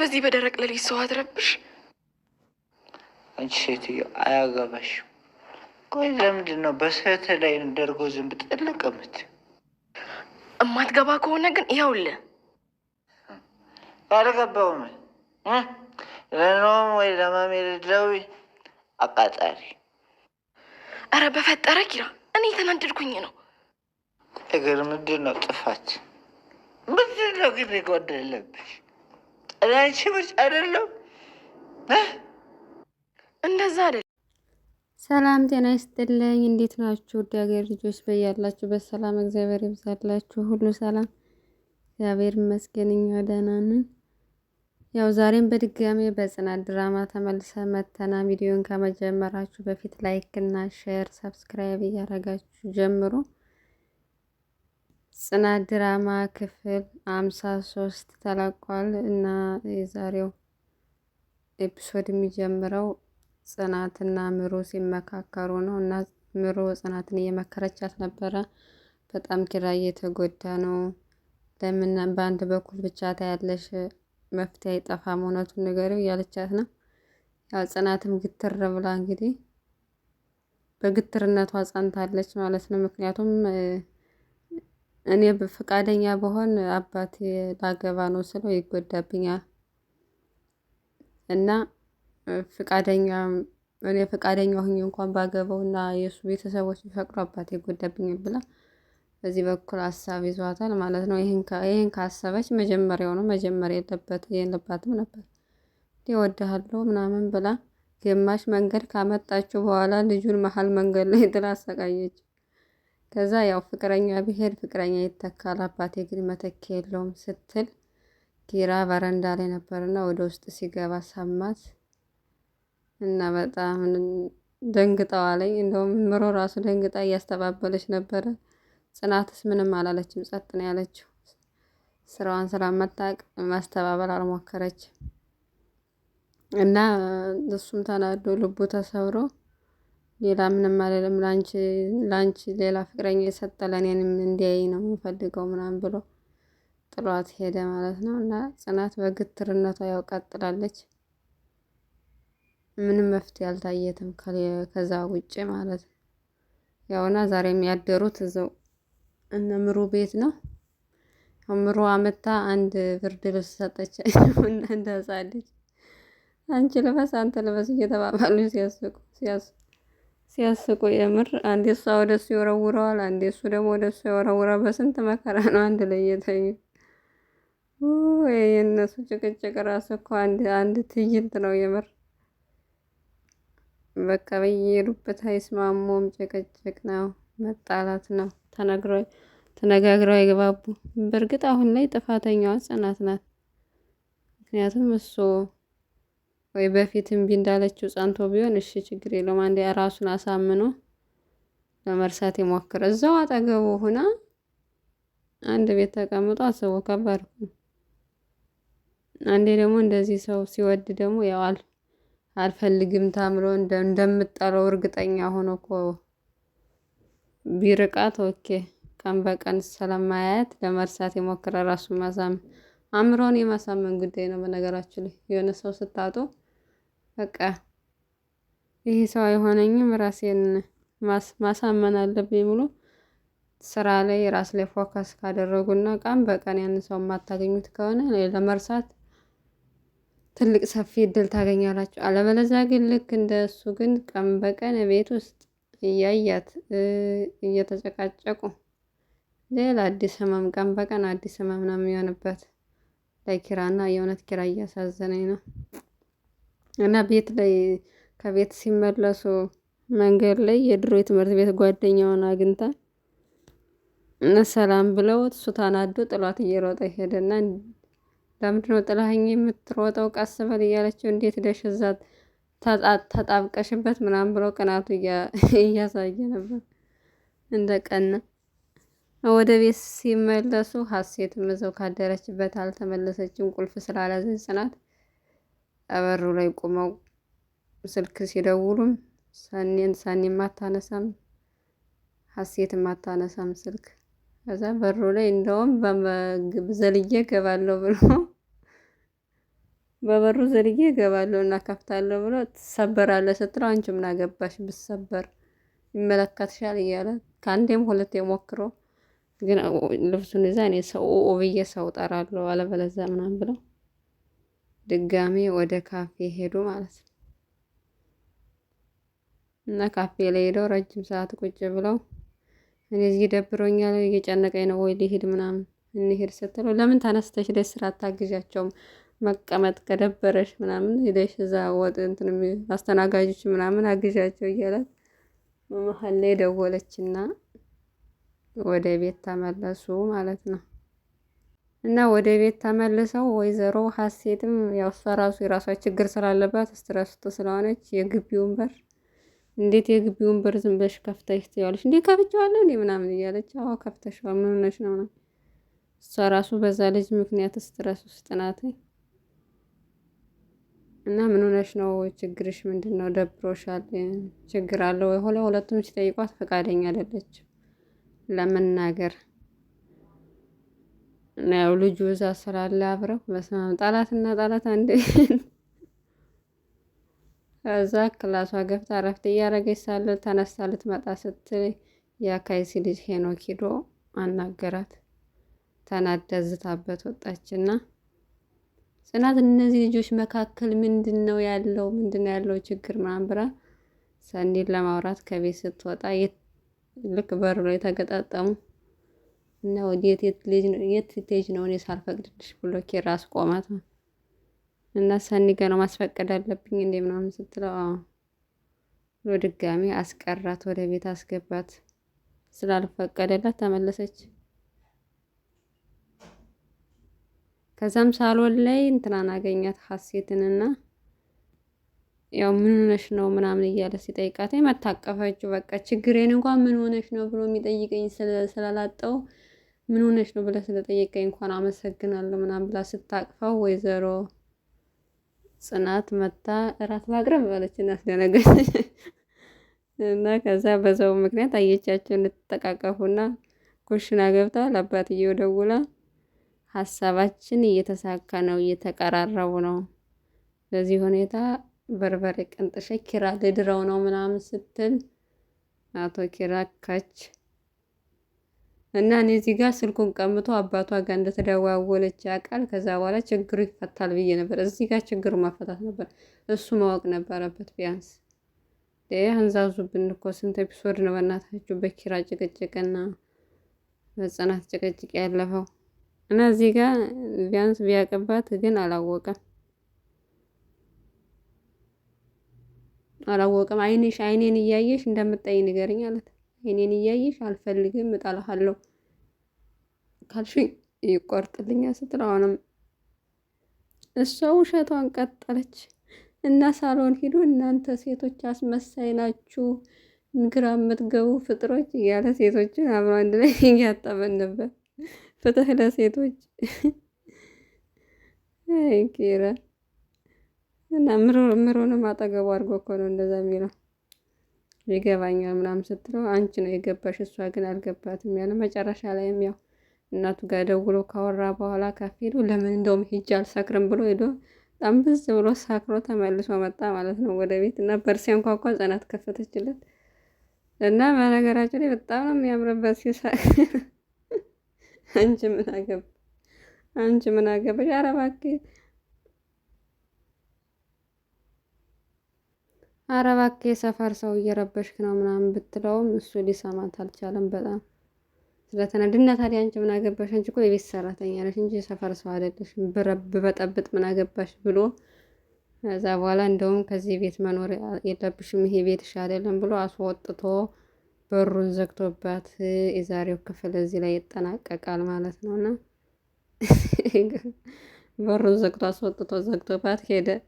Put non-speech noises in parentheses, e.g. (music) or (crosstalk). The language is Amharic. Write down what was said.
በዚህ በደረቅ ሌሊት ሰው አትረብሽ። አንቺ ሴትዮ አያገባሽም። ቆይ ለምንድን ነው ላይ ደርጎ ዝንብ ብጥልቅ ምት እማትገባ ከሆነ ግን ይኸውልህ ያልገባውም ለኖም ወይ ለማሜ ልደዊ አቃጣሪ። አረ በፈጠረ ኪራ እኔ ተናደድኩኝ ነው። እግር ምንድን ነው ጥፋት ምንድን ነው ግን ይጎደለብሽ? አንቺ ብቻ አይደለም እንደዛ አይደለም። ሰላም ጤና ይስጥልኝ። እንዴት ናችሁ? ውድ ሀገር ልጆች በያላችሁበት ሰላም እግዚአብሔር ይብዛላችሁ። ሁሉ ሰላም እግዚአብሔር ይመስገን፣ እኛ ደህና ነን። ያው ዛሬም በድጋሚ በጽናት ድራማ ተመልሰ መተና። ቪዲዮን ከመጀመራችሁ በፊት ላይክ እና ሼር፣ ሰብስክራይብ እያደረጋችሁ ጀምሩ። ጽናት ድራማ ክፍል አምሳ ሶስት ተለቋል እና የዛሬው ኤፒሶድ የሚጀምረው ጽናትና ምሮ ሲመካከሩ ነው እና ምሮ ጽናትን እየመከረቻት ነበረ። በጣም ኪራ እየተጎዳ ነው። ለምን በአንድ በኩል ብቻ ታያለሽ? መፍትሄ አይጠፋም፣ እውነቱን ንገሪው እያለቻት ነው። ያው ጽናትም ግትር ብላ እንግዲህ በግትርነቷ ጸንታለች ማለት ነው። ምክንያቱም እኔ በፈቃደኛ ብሆን አባቴ ላገባ ነው ስለው ይጎዳብኛል። እና ፈቃደኛ እኔ ፈቃደኛ ሆኜ እንኳን እና የእሱ ቤተሰቦች ቢፈቅዱ አባቴ ይጎዳብኛል ብላ በዚህ በኩል ሀሳብ ይዟታል ማለት ነው። ይህን ካሰበች መጀመሪያው ነው መጀመሪያ የለበት የለባትም ነበር። እወድሃለሁ ምናምን ብላ ግማሽ መንገድ ካመጣችው በኋላ ልጁን መሀል መንገድ ላይ ጥላ አሰቃየችው። ከዛ ያው ፍቅረኛ ብሄር ፍቅረኛ ይተካል አባቴ ግን መተኪ የለውም ስትል ኪራ በረንዳ ላይ ነበርና ወደ ውስጥ ሲገባ ሰማት እና በጣም ደንግጠዋለኝ። እንደውም ምሮ ራሱ ደንግጣ እያስተባበለች ነበረ። ጽናትስ ምንም አላለችም፣ ጸጥ ነው ያለችው። ስራዋን ስራ መታቅ ማስተባበል አልሞከረችም እና እሱም ተናዶ ልቡ ተሰብሮ ሌላ ምንም አልልም ላንቺ ላንቺ ሌላ ፍቅረኛ የሰጠ ለእኔንም እንዲያይ ነው የምፈልገው ምናምን ብሎ ጥሏት ሄደ ማለት ነው። እና ጽናት በግትርነቷ ያው ቀጥላለች። ምንም መፍትሄ አልታየትም ከዛ ውጭ ማለት ነው። ያውና ዛሬ የሚያደሩት እዘው እነ ምሩ ቤት ነው። ምሩ አመታ አንድ ብርድ ልብስ ሰጠች እና (laughs) እንዳሳለች አንቺ ልበስ አንተ ልበስ እየተባባሉ ሲያስቁ ሲያስቁ ሲያስቁ የምር አንዴ እሷ ወደ እሱ ይወረውረዋል፣ አንዴ እሱ ደግሞ ወደ እሱ ይወረውረዋል። በስንት መከራ ነው አንድ ላይ የተኙ። የእነሱ ጭቅጭቅ ራሱ እኮ አንድ ትዕይንት ነው የምር። በቃ በየሄዱበት አይስማሙም። ጭቅጭቅ ነው፣ መጣላት ነው። ተነጋግረው አይግባቡ። በእርግጥ አሁን ላይ ጥፋተኛዋ ጽናት ናት። ምክንያቱም እሱ ወይ በፊት እምቢ እንዳለችው ጸንቶ ቢሆን እሺ ችግር የለውም። አንዴ ራሱን አሳምኖ ለመርሳት ይሞክር። እዛው አጠገቡ ሁና አንድ ቤት ተቀምጦ አስቦ ከባድ አንዴ ደግሞ እንደዚህ ሰው ሲወድ ደግሞ ያው አልፈልግም ታምሮ እንደምጠለው እርግጠኛ ሆኖ እኮ ቢርቃት ኦኬ፣ ቀን በቀን ስለማያየት ለመርሳት የሞከረ ራሱን ማሳመን አእምሮን የማሳመን ጉዳይ ነው። በነገራችን ላይ የሆነ ሰው ስታጡ በቃ ይሄ ሰው አይሆነኝም ራሴን ማሳመን አለብኝ ብሎ ስራ ላይ ራስ ላይ ፎከስ ካደረጉና ቀን በቀን ያን ሰው የማታገኙት ከሆነ ለመርሳት ትልቅ ሰፊ እድል ታገኛላችሁ። አለበለዚያ ግን ልክ እንደ እሱ ግን ቀን በቀን ቤት ውስጥ እያያት እየተጨቃጨቁ ሌላ አዲስ ህመም ቀን በቀን አዲስ ህመም ነው የሚሆንበት። ለኪራና የእውነት ኪራ እያሳዘነኝ ነው። እና ቤት ላይ ከቤት ሲመለሱ መንገድ ላይ የድሮ የትምህርት ቤት ጓደኛውን አግኝታ ሰላም ብለው እሱ ተናዶ ጥሏት እየሮጠ ሄደና ለምንድነው ጥላኝ የምትሮጠው ቀስ በል እያለችው እንዴት ደሽ እዛ ተጣብቀሽበት ምናምን ብለው ቅናቱ እያሳየ ነበር እንደቀና ወደ ቤት ሲመለሱ ሀሴት ምዘው ካደረችበት አልተመለሰችም ቁልፍ ስላላዘች ጽናት በሩ ላይ ቆመው ስልክ ሲደውሉም ሰኔን ሰኔም አታነሳም፣ ሀሴትም አታነሳም ስልክ። ከዛ በሩ ላይ እንደውም ዘልዬ ገባለሁ ብሎ (laughs) በበሩ ዘልዬ ገባለሁ እና ከፍታለሁ ብሎ ትሰበራለህ ስትለው አንቺ ምን አገባሽ ብሰበር ይመለከትሻል እያለ ከአንዴም ሁለቴ ሞክሮ ግን ልብሱን ይዛ እኔ ሰው ብዬ ሰው ጠራለሁ አለበለዚያ ምናምን ብለው ድጋሜ ወደ ካፌ ሄዱ ማለት ነው። እና ካፌ ላይ ሄደው ረጅም ሰዓት ቁጭ ብለው እኔ እዚህ ደብሮኛል፣ እየጨነቀኝ ነው ወይ ሊሄድ ምናምን እንሄድ ስትለው ለምን ተነስተሽ ደስ ስራ አታግዣቸውም መቀመጥ ከደበረሽ ምናምን ሄደሽ እዛ ወጥ እንትን አስተናጋጆች ምናምን አግዣቸው እያላት መሀል ላይ ደወለችና ወደ ቤት ተመለሱ ማለት ነው። እና ወደ ቤት ተመልሰው ወይዘሮ ሀሴትም ያው እሷ ራሱ የራሷ ችግር ስላለባት ስትረስ ስለሆነች የግቢውን በር እንዴት የግቢውን በር ዝም ብለሽ ከፍተሽ ትያለሽ? እንዴ ከፍቼዋለሁ እኔ ምናምን እያለች አዎ ከፍተሽዋል ምን ሆነሽ ነው ነው እሷ ራሱ በዛ ልጅ ምክንያት ስትረስ ውስጥ ናት እና ምን ሆነሽ ነው ችግርሽ ምንድን ነው ደብሮሻል ችግር አለው ወይ ሁለቱም ሲጠይቋት ፈቃደኛ አይደለችም ለመናገር ያው ልጁ እዛ ስላለ አብረው በስማም አብ ጣላትና ጣላት አንድ እዛ ክላሷ ገብታ እረፍት እያደረገች ሳለ ተነስታ ልትመጣ ስትል የአካይሲ ልጅ ሄኖክ ሂዶ አናገራት። ተናደዝታበት ዝታበት ወጣችና ጽናት እነዚህ ልጆች መካከል ምንድን ነው ያለው? ምንድን ነው ያለው ችግር ምናምን ብላ ሰኒን ለማውራት ከቤት ስትወጣ ልክ በሩ ላይ ተገጣጠሙ። እና ወዴት የት ልጅ ነው የት ልጅ ነው እኔ ሳልፈቅድልሽ ብሎ ኪራ አስቆማት ነው። እና ሰኒ ጋ ነው ማስፈቀድ አለብኝ እንዴ ምናምን ስትለው ብሎ ድጋሚ አስቀራት፣ ወደ ቤት አስገባት። ስላልፈቀደላት ተመለሰች። ከዛም ሳሎን ላይ እንትናን አገኛት ሀሴትንና ያው ምን ሆነሽ ነው ምናምን እያለ ሲጠይቃት መታቀፈችው። በቃ ችግሬን እንኳን ምን ሆነሽ ነው ብሎ የሚጠይቀኝ ስላላጠው ምን ሆነች ነው ብለህ ስለጠየቀኝ እንኳን አመሰግናለሁ ምናምን ብላ ስታቅፈው ወይዘሮ ጽናት መታ እራት ላቅርብ ባለችና አስደነገጠች እና ከዛ በዛው ምክንያት አየቻቸው እንድትጠቃቀፉና ኩሽና ገብታ ለአባትየው ደውላ ሀሳባችን እየተሳካ ነው፣ እየተቀራረቡ ነው። በዚህ ሁኔታ በርበሬ ቅንጥሸ ኪራ ልድረው ነው ምናምን ስትል አቶ ኪራ ከች እና እኔ እዚህ ጋር ስልኩን ቀምቶ አባቷ ጋር እንደተደዋወለች ያውቃል። ከዛ በኋላ ችግሩ ይፈታል ብዬ ነበር። እዚህ ጋር ችግሩ ማፈታት ነበር እሱ ማወቅ ነበረበት ቢያንስ። አንዛዙብን እኮ ስንት ኤፒሶድ ነው በእናታችሁ በኪራ ጭቅጭቅና በጽናት ጭቅጭቅ ያለፈው እና እዚህ ጋር ቢያንስ ቢያቅባት ግን አላወቀም አላወቀም። አይንሽ አይኔን እያየሽ እንደምጠይ ንገርኝ አለት አይኔን እያየሽ አልፈልግም፣ እጠላሃለሁ ካልሽኝ ይቆርጥልኛ ስትል አሁንም እሷ ውሸቷን ቀጠለች እና ሳሎን ሂዱ እናንተ ሴቶች አስመሳይ ናችሁ ግራ የምትገቡ ፍጥሮች እያለ ሴቶችን አብሮ አንድ ላይ እያጠበን ነበር። ፍትህ ለሴቶች ኪራ እና ምሮንም አጠገቡ አድርጎ እኮ ነው እንደዛ የሚለው። ይገባኛል ምናምን ስትለው አንቺ ነው የገባሽ፣ እሷ ግን አልገባትም ያለ መጨረሻ ላይም ያው እናቱ ጋር ደውሎ ካወራ በኋላ ከፊሉ ለምን እንደውም ሂጅ አልሰክርም ብሎ ሄዶ በጣም ብዝ ብሎ ሳክሮ ተመልሶ መጣ ማለት ነው ወደ ቤት እና በርሲያን ኳኳ ጽናት ከፈተችለት እና በነገራችን ላይ በጣም ነው የሚያምርበት ሲሳቅ። አንቺ ምን አገባ አንቺ ምን አገባሽ? ኧረ እባክህ ኧረ እባክህ የሰፈር ሰው እየረበሽክ ነው ምናምን ብትለውም እሱ ሊሰማት አልቻለም። በጣም ስለተናደደ እና ታዲያ አንቺ ምን አገባሽ? አንቺ እኮ የቤት ሰራተኛ ነሽ እንጂ የሰፈር ሰው አይደለሽ። አይደለሽም። በጠብጥ ምን አገባሽ ብሎ ከዛ በኋላ እንደውም ከዚህ ቤት መኖር የለብሽም ይሄ ቤትሽ አይደለም ብሎ አስወጥቶ በሩን ዘግቶባት የዛሬው ክፍል እዚህ ላይ ይጠናቀቃል ማለት ነው እና (laughs) በሩን ዘግቶ አስወጥቶ ዘግቶባት ሄደ።